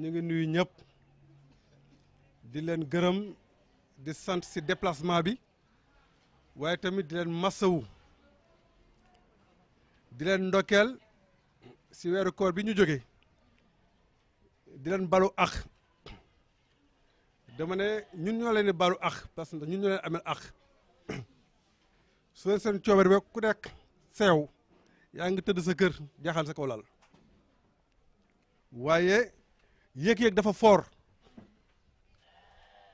ñu ngi nuyu ñëpp di leen gërëm di sant si déplacement bi waaye tamit di leen massawu di leen ndokkeel si weeru koor bi ñu jóge di leen balu ax dama ne ñun ñoo leen di balu ax parce que ñun ñoo leen amel ax su leen seen coobar bi ku nekk seew yaa ngi tëdd sa kër jaaxal sa kaw lal waaye yëg-yëg dafa foor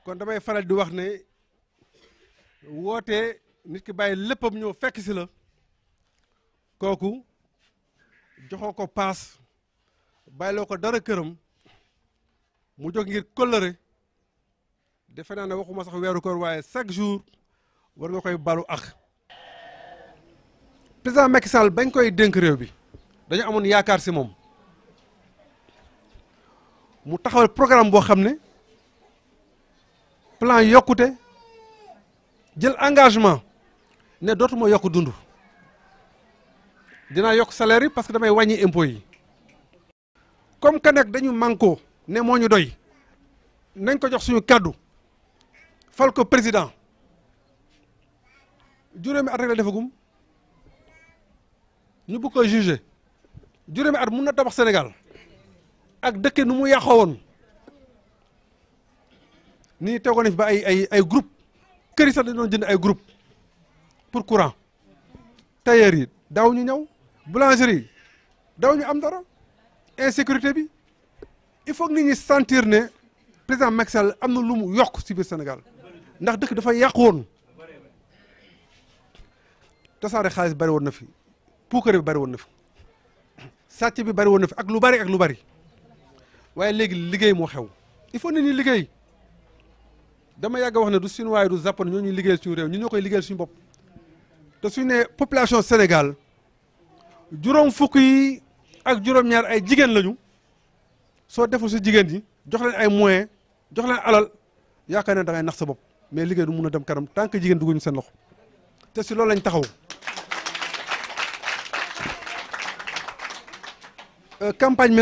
kon damay faral di wax ne wootee nit ki bàyyi léppam ñëw fekk si la kooku joxoo ko paas bàyyiloo ko dara këram mu jóg ngir kóllëre defe naa ne waxuma sax weeru koor waaye chaque jour war nga koy balu ak président Macky Sall bañ koy dénk réew bi dañu amoon yaakaar si moom mu taxawal programme bo xamné plan yokouté jël engagement né dootuma yokk dund dinaa yokk salaire yi parce que damay wàññi impôts yi comme que nag dañu manko né moñu doy nañ ko jox suñu cadeau fal ko président juróomi at rek la defagum ñu bu ko juger juróomi at mëna tabax Sénégal ak dëkk nu mu yàqoon ni tegoon fi ba ay ay ay groupe kër yi jënd ay groupe pour courant tailleur yi daaw ñu ñëw boulangerie daaw ñu am dara insécurité bi il faut que nit ñi sentir ne président Macky am na lu mu yokk ci biir Sénégal ndax dëkk dafa yàqoon tasaare xaalis bari woon na fi puukare bi bari woon na fi sàcc bi bari woon na fi ak lu bari ak lu bari waaye léegi liggéey moo xew il faut nit ñi liggéey dama yàgg wax ne du Chinois waaye du Japon ñoo ñuy liggéeyal suñu ñu Nous te population Sénégal juróom fukk yi ak juróom-ñaar ay jigéen lañu soo deful si jigéen yi jox leen ay moyens jox alal da ngay nax sa mais du a dem kanam tant que jigéen nous seen loxo te lañ taxaw euh, campagne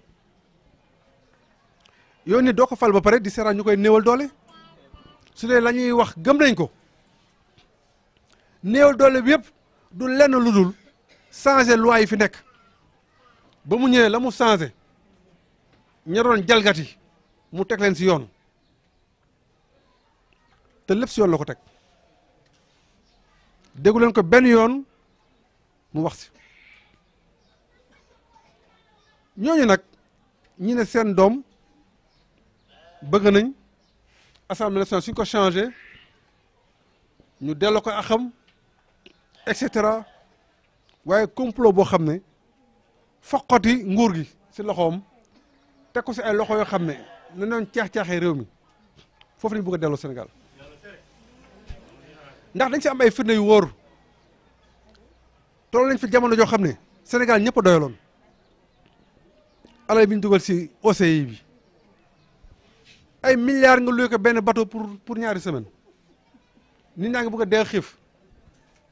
yow nit doo ko fal ba pare di seetaan ñu koy néewal doole su dee la wax gëm nañ ko néewal doole bi yëpp du lenn lu dul changer loi yi fi nekk ba mu ñëwee la mu changer ña jalgati mu teg leen si yoon te lépp si yoon la ko teg déggu leen ko benn yoon mu wax si ñooñu nag ñi ne seen doom bëgg nañ assemblée nationale suñ ko changé ñu delloo ko axam et cetera complot boo xam ne nguur gi si loxoom te ko si ay loxo yoo xam ne caax-caaxee réew Sénégal ndax dañ si am ay firne yu wóor toll nañ fi Sénégal ñëpp doyaloon ay milliards nga luy ko benn bateau pour pour ñaari semaine nit ñaa ngi bëgg a dee xiif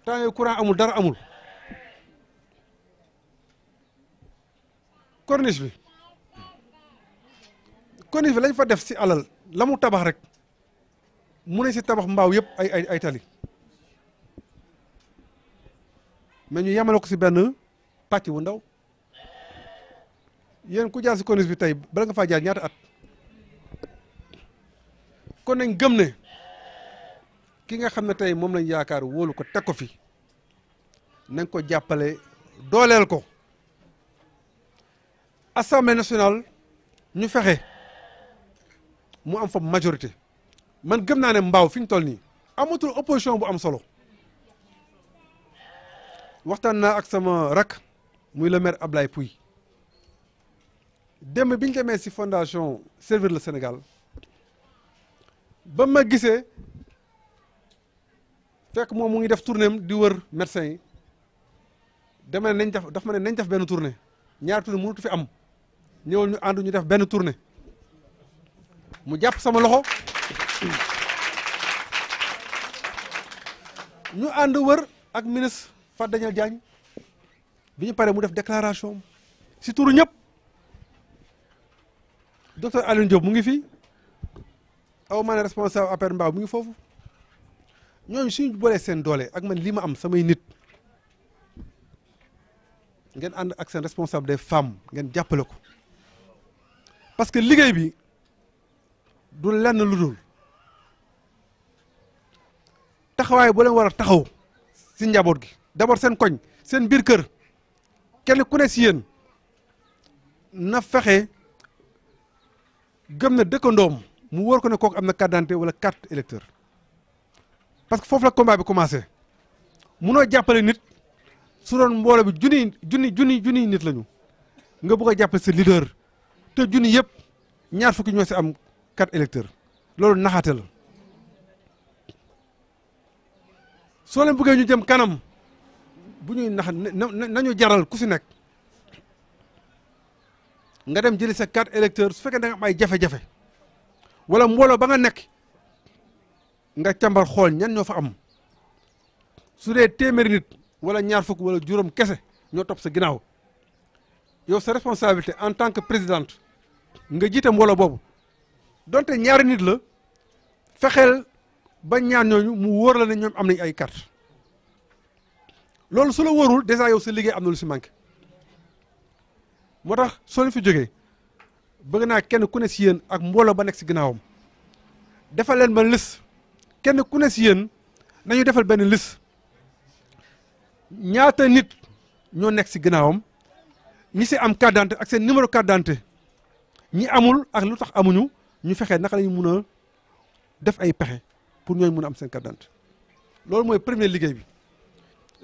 temps yooyu courant amul dara amul corniche bi corniche bi lañ fa def si alal la mu tabax rek mu ne si tabax mbaaw yëpp ay ay ay tali mais ñu yemale ko si benn pàcc bu ndaw yéen ku jaar si corniche bi tey bala nga faa jaar ñaata at ko nañ gëm ne ki nga xam ne tey moom lañ yaakaar wóolu ko teg ko fi nañ ko jàppale dooleel ko assemblée national ñu fexe mu am fa majorité man gëm naa ne mbaaw fi ñu toll nii amatul opposition bu am solo waxtaan naa ak sama rak muy le maire Ablaye Pouy démb bi ñu demee si fondation Servir le Sénégal ba ma gisee fekk moom mu ngi def tournée di wër médecin yi dama nañ def daf ma ne nañ def benn tournée ñaari tournée mënut fi am ñëwal ñu ànd ñu def benn tournée mu jàpp sama loxo ñu ànd wër ak ministre Fatou Daniel Diagne bi ñu paree mu def déclaration si turu ñëpp docteur Alioune Diop mu ngi fii aw ma responsable affaire ngi ak man am samay nit responsable des femmes parce que liggéey bi du lenn lu dul bu leen war taxaw si njaboot gi d'abord seen koñ seen biir kër kenn ku ne si na fexe gëm mu wóor ko ne kooku am na carte d'identité wala carte électeur parce que foofu la combat bi commencé noo jàppale nit su doon mbooloo bi junni junni junni junni nit lañu nga bugg a jàppale sa leader te junni yëpp ñaar fukki ñoo si am carte électeur loolu naxaate la soo leen bëggee ñu jëm kanam bu ñuy nax nañu jaral ku si nekk nga dem jëli sa carte électeur su fekkee da nga am ay jafe-jafe. wala mbooloo ba nga nekk nga cambar xool ñan ñoo fa am su dee téeméeri nit wala ñaar fukk wala juróom kese ñoo topp sa ginnaaw yow sa responsabilité en tant que présidente nga jiite mbooloo boobu donte ñaari nit la fexeel ba ñaar ñooñu mu wóor la ne ñoom am nañ ay carte loolu su la wóorul déjà yow sa liggéey am na lu si manqué moo tax soo fi jógee. bëgg naa kenn ku ne si yéen ak mbooloo ba nekk si ginnaawam defal leen ma lis kenn ku ne si yéen nañu defal benn lis ñaata nit ñoo nekk si ginnaawam ñi si am carte d'identité ak seen numéro carte d'identité ñi amul ak lu tax amuñu ñu fexe naka lañu mun a def ay pexe pour ñooy mun a am seen carte loolu mooy premier liggéey bi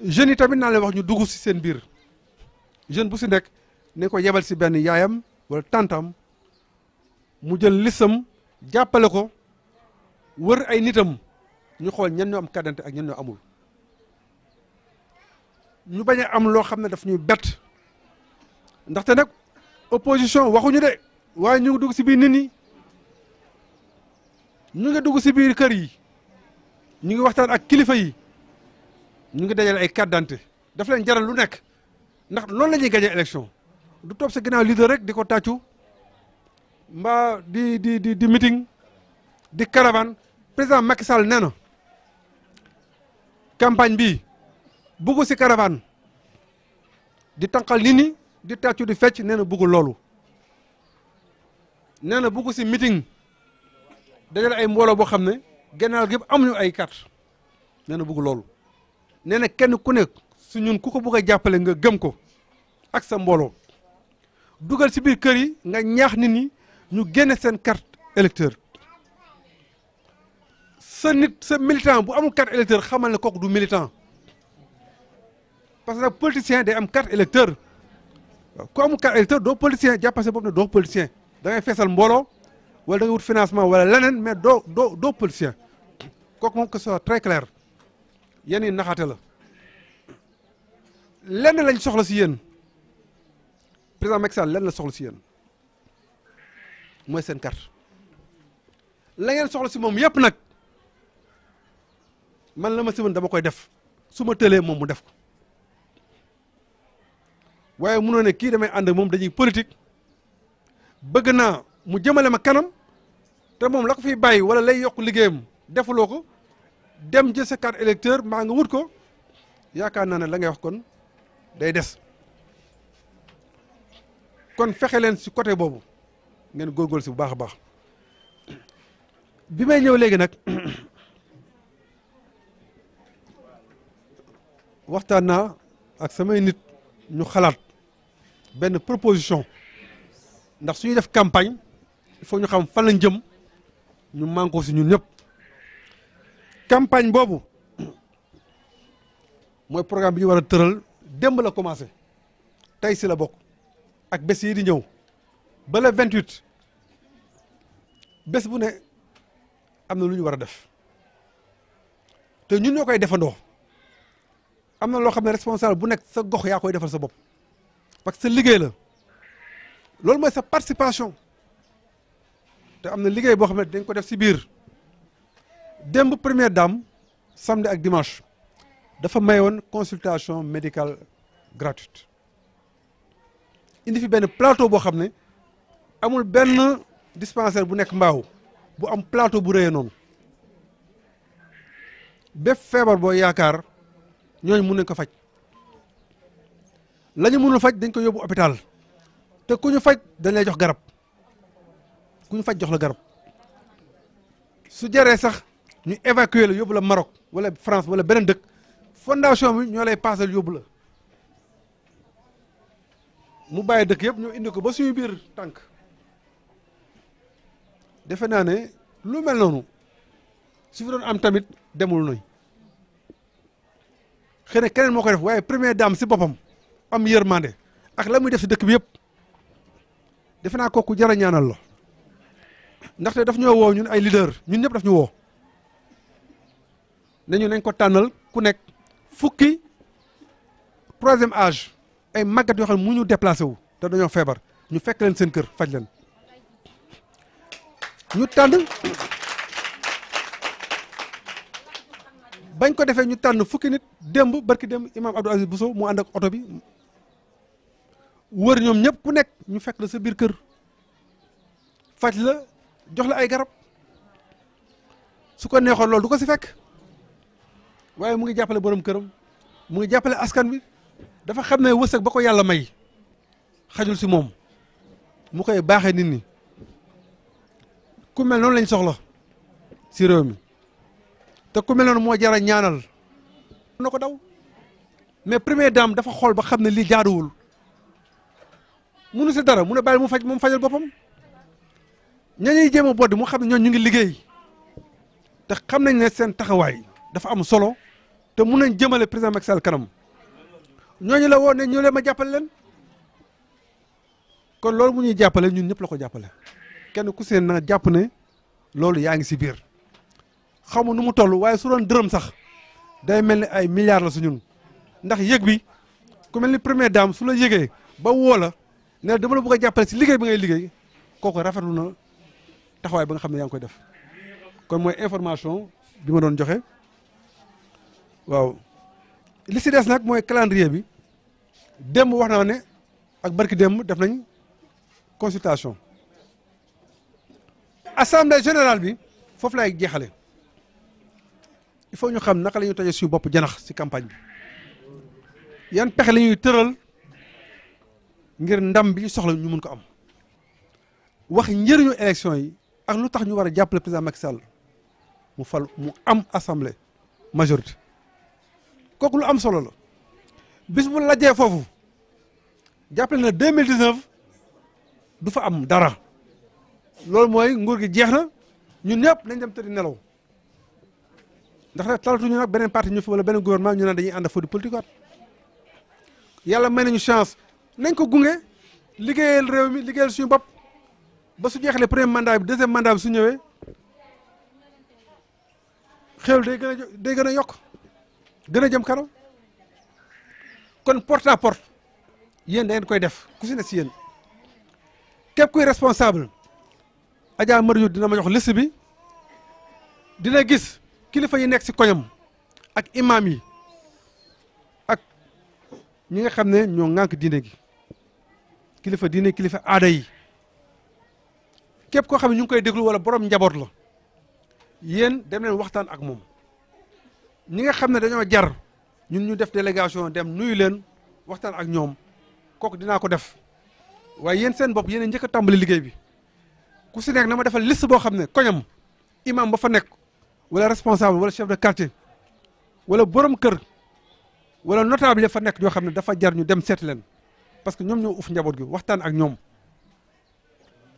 jeunes yi tamit naa leen wax ñu dugg si seen biir jeune bu si nekk ne ko yebal si benn yaayam wala tàntam mu jël lissam jàppale ko wër ay nitam ñu xool ñan ñoo am kàddante ak ñan ñoo amul ñu bañ a am loo xam ne daf ñuy bett ndaxte nag opposition waxuñu de waaye ñu ngi dugg si biir nit ñi ñu ngi dugg si biir kër yi ñu ngi waxtaan ak kilifa yi ñu ngi dajale ay kàddante daf leen jaral lu nekk ndax loolu la ñuy gagné élection du topp sa ginnaaw leader rek di ko tàccu mbaa di di di di meeting di caravane président Macky Sall nee campagne bi bugg si caravane di tànqal nit ñi di tàccu di fecc nee na bugg loolu nee na bugg si meeting dajale ay mbooloo boo xam ne gépp am ñu ay carte nee na bugg loolu nee na kenn ku nekk su ñun ku ko bugg jàppale nga gëm ko ak sa mbooloo dugal si biir kër yi nga ñaax nit ñi nous génne seen carte électeur sa nit sa militant bu amul carte électeur xamal ne kooku du militant parce que les politiciens day am carte électeur quand ku carte électeur doo politicien déjà passé pour deux politiciens politicien da ngay feesal mbooloo wala da ngay wut financement wala leneen mais deux doo deux politicien kooku que ce très clair y a des la lenn lañ soxla si yéen président Macky Sall lenn la soxla si mooy seen carte la ngeen soxla si moom yëpp nag man la ma si woon dama koy def su ma tëlee moom mu def ko waaye munoo ne kii damay ànd moom dañuy politique bëgg naa mu jëmale ma kanam te moom la ko fiy bàyyi wala lay yokk liggéeyam defuloo ko dem jël sa carte électeur maa nga wut ko yaakaar naa ne la ngay wax kon day des kon fexe leen si côté boobu. ngeen góorgóorlu si bu baax a baax bi may ñëw léegi nag waxtaan naa ak samay nit ñu xalaat benn proposition ndax suñu def campagne il faut ñu xam fan lañ jëm ñu mànkoo si ñun ñëpp campagne boobu mooy programme bi ñu war a tëral démb la commencé tey si la bokk ak bés yi di ñëw ba le 28 bés bu ne am na def te ñun ñokay defandoo responsable bu nek sa gox koy defal sa parce que sa liggéey la sa participation te amna liggéey dañ ko def première dame samedi ak dimanche dafa une consultation médicale gratuite indi fi ben plateau bo amul dispensaire bu nekk mbaaw bu am plateau bu rëyee noonu bépp feebar boo yaakaar ñooñu mun nañ ko faj lañu ñu mënul faj dañ ko yóbbu hôpital te ku ñu faj dañ lay jox garab ku ñu faj jox la garab su jëree sax ñu évacuer la yóbbu la Maroc wala France wala beneen dëkk fondation bi ñoo lay paasal yóbbu la mu bàyyi dëkk yëpp ñoo indi ko ba suñu biir tànk defe naa ne lu mel noonu su fi am tamit demul nuy xëy na keneen moo koy def waaye première daam si boppam am yërmande ak la muy def si dëkk bi yëpp defe naa kooku jar a ñaanal la ndaxte daf ñoo woo ñun ay leader ñun ñëpp daf ñu woo nañu nañ ko tànnal ku nekk fukki troisième age ay màggat yoo xam mu ñu déplacé wu te dañoo feebar ñu fekk seen kër faj leen ñu tànn bañ ko defee ñu tànn fukki nit démb barki démb imaam Abdou Aziz Bousso mu ànd ak oto bi wër ñoom ñëpp ku nekk ñu fekk la sa biir kër faj la jox la ay garab su ko neexoon loolu du ko si fekk waaye mu ngi jàppale borom këram mu ngi jàppale askan bi dafa xam ne wërsëg ba ko yàlla may xajul si moom mu koy baaxee nit ñi. ku mel noonu lañ soxla si réew mi te ku mel noonu moo jar a ñaanal na ko daw mais première dame dafa xool ba xam ne lii jaaduwul munu si dara mu ne bàyyi mu faj moom fajal boppam ñañuy jéem a bodd mu xam ne ñoon ñu ngi liggéey te xam nañ ne seen taxawaay dafa am solo te mun nañ jëmale président Macky Sall kanam ñooñu la woon ne ñu leen ma jàppale leen kon loolu mu ñuy jàppale ñun ñëpp la ko jàppale kenn ku seen na jàpp ne loolu yaa ngi si biir xamu nu mu toll waaye su doon dërëm sax day mel ni ay milliards la su ñun ndax yëg bi ku mel ni premier dame su la yëgee ba woo la ne dama la bëgg a jàppale si liggéey bi ngay liggéey kooku rafetlu na taxawaay ba nga xam ne yaa ngi koy def kon mooy information bi ma doon joxe waaw li si des nag mooy calendrier bi démb wax naa ne ak barki démb def nañ consultation assemblée générale bi foofu lay jéxalé il faut ñu xam naka lañu ñuy suñu bop janax ci campagne bi yeen pexe la teural ngir ndam bi soxla ñu mën ko am wax njëriñu élection yi ak lutax ñu wara a jàppale président Macky Sall mu fal mu am assemblée majorité koku lu am solo la bis bu lajjee fofu jàppale na 2019 du fa am dara. lol moy nguur gi jeex ñun ñep lañ dem tëdd nelaw ndax nag nous nak fait parti ñu fi wala benen gouvernement ñu nous dañuy de fa politique may chance nañ ko gungé liggéeyal réew mi suñu bop ba su premier mandat bi deuxième mandat su ñëwé day day porte à porte yeen dañ def ku ne si yeen responsable Adja Mariou dina ma jox liste bi dina gis kilifa yi nekk si koñam ak imaam yi ak ñi nga xam ne ñoo ŋànk diine gi kilifa diine kilifa aada yi képp koo xam ne ñu ngi koy déglu wala borom njaboot la yéen dem waxtaan ak moom ñi nga xam ne dañoo jar ñun ñu def délégation dem nuyu leen waxtaan ak ñoom kooku dinaa ko def waaye yéen seen bopp yéen njëkk tàmbali liggéey bi. ku si nekk na ma defal lis boo xam ne koñam imam ba fa nekk wala responsable wala chef de quartier wala borom kër wala notable ya fa nekk yoo xam ne dafa jar ñu dem seeti leen parce que ñoom ñoo uf njaboot gi waxtaan ak ñoom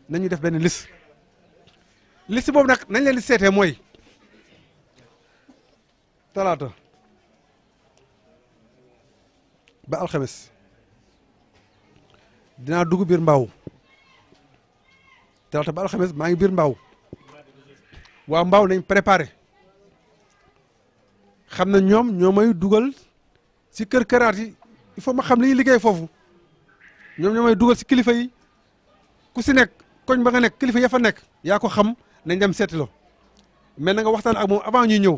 nañu def benn liste liste boobu nag nañ leen di seetee mooy talaata ba alxames dinaa dugg biir mbaaw talaata ba alxames maa ngi biir mbaaw waaw mbaaw nañ préparé xam na ñoom ñoo may dugal si kër këraat yi il faut ma xam li ñuy liggéey foofu ñoom ñoo dugal si kilifa yi ku si nekk koñ ba nga nekk kilifa ya fa nekk yaa ko xam nañ dem seeti lo mais na nga waxtaan ak moom avant ñuy ñëw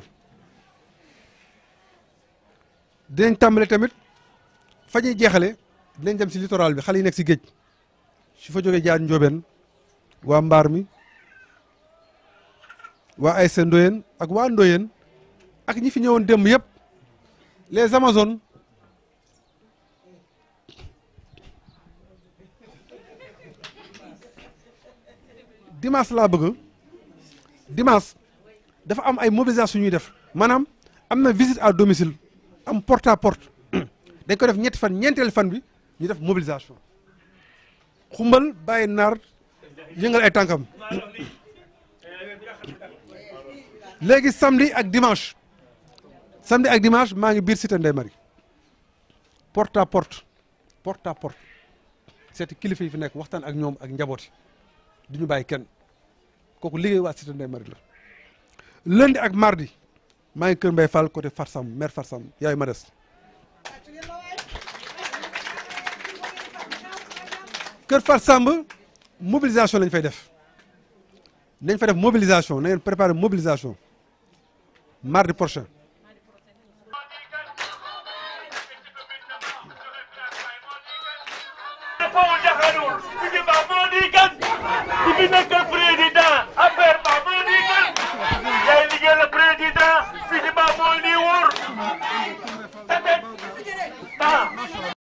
dinañ tàmbale tamit fa ñuy jeexale dinañ dem si littoral bi xale yi nekk si géej su fa jógee jaar njóobeen waa mbaar mi waa Aysa Ndoyen ak waa Ndoyen ak ñi fi ñëwoon démb yëpp les amazones dimanche laa bëgg dimanche dafa am ay mobilisation ñuy def maanaam am na visite à domicile am porte à porte dañ ko def ñetti fan ñeenteel fan bi ñu def mobilisation xumbal bàyyi naar yëngal ay tànkam léegi samedi ak dimanche samdi ak dimanche maa ngi biir cité Ndeye Marie porte à porte porte à porte seeti kilifa yi fi nekk waxtaan ak ñoom ak njaboot du ñu bàyyi kenn kooku liggéey waa cité Ndeye Marie la ak mardi maa ngi kër Mbaye Fall côté Farsam maire Farsam yaay ma des kër Farsam mobilisation lañ fay def fay def mobilisation na préparer mobilisation mardi prochain